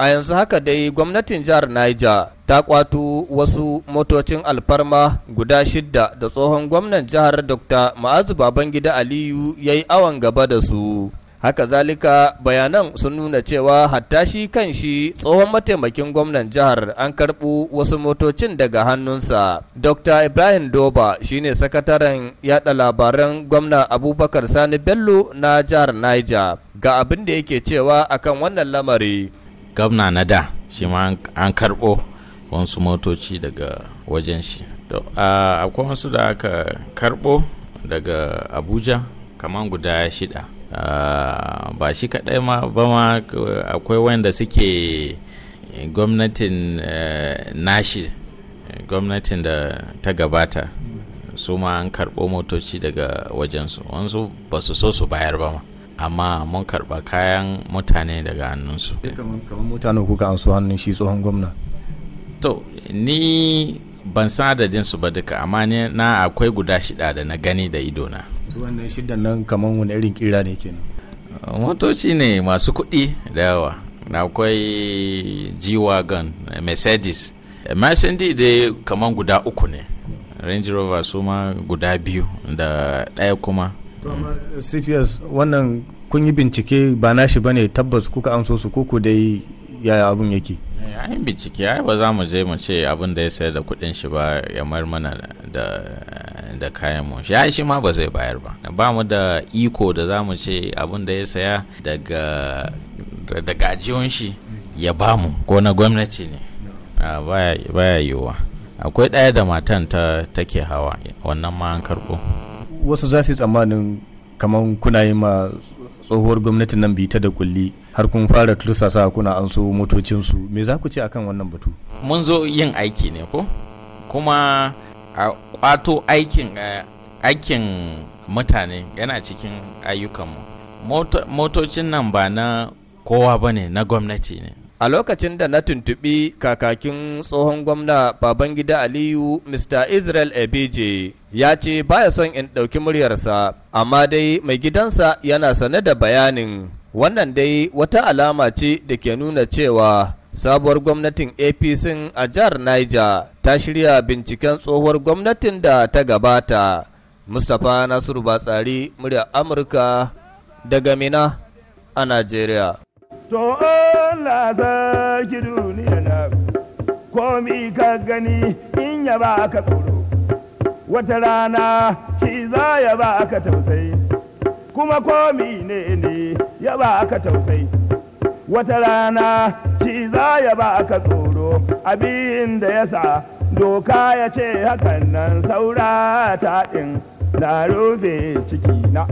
a yanzu haka dai gwamnatin jihar Niger ta kwato wasu motocin alfarma guda shidda da tsohon gwamnan jihar Dr. Ma'azu Babangida Aliyu ya yi awon gaba da su. Haka zalika bayanan sun nuna cewa hatta shi kan shi tsohon mataimakin gwamnan jihar an karɓo wasu motocin daga hannunsa. Dr. Ibrahim Doba shine sakataren yada labaran gwamna Abubakar Sani Bello na jihar Niger ga abin da yake cewa akan wannan lamari. gwamna na da shi ma an karɓo wasu motoci daga wajen shi akwai wasu da aka karɓo daga abuja kamar guda shida ba shi kaɗai ma ba ma akwai wanda suke gwamnatin eh, nashi gwamnatin da ta gabata su ma an karɓo motoci daga wajensu wansu ba su so su bayar ba ma amma mun karɓa kayan mutane daga hannunsu eh, kamar mutane kuka an su hannun shi tsohon gwamna to ni ban san adadin su ba duka amma ne na akwai guda shida da na gani da ido na wannan shidan nan kamar wani irin kira ne kenan motoci ne masu kuɗi da yawa na akwai g-wagon mercedes mercedes dai kamar guda uku ne range rover su ma guda biyu da ɗaya kuma Eh, cps wannan kun yi bincike ba nashi bane tabbas kuka amso su kuku dai yaya abun yake eh, ayin bincike ai ba za mu je mu ce abin da ya sayar da kuɗin shi ba ya mar mana da da kayan mu shi shi ma ba zai bayar ba ba mu da iko da za mu ce abin da ya saya daga daga shi ya ba mu ko na gwamnati ne ah, baya yiwuwa akwai ɗaya da matan ta take hawa wannan ma an karɓo wasu za su yi tsammanin kamar kuna yi ma tsohuwar gwamnatin nan ta da kulli har kun fara tursasa kuna an so motocinsu me za ku ce akan wannan batu mun zo yin aiki ne ko kuma a kwato aikin aikin mutane yana cikin ayyukanmu motocin nan ba na kowa ba ne na gwamnati ne A lokacin da na tuntuɓi kakakin tsohon gwamna Babangida Aliyu, Mr. Israel Ebeje, ya ce baya son in ɗauki muryarsa, amma dai mai gidansa yana sane da bayanin. Wannan dai wata alama ce da ke nuna cewa sabuwar gwamnatin APC a jihar Niger ta shirya binciken tsohuwar gwamnatin da ta gabata. Mustapha Nasiru Batsari, muryar Amurka daga Mina a Najeriya. to Allah ki duniya na komi ka gani in ya baka tsoro wata rana shi za ya baka tausayi kuma komi ne ne ya baka tausayi wata rana shi za ya baka tsoro abin da ya sa doka ya ce hakan nan saura ta ɗin na rufe ciki na.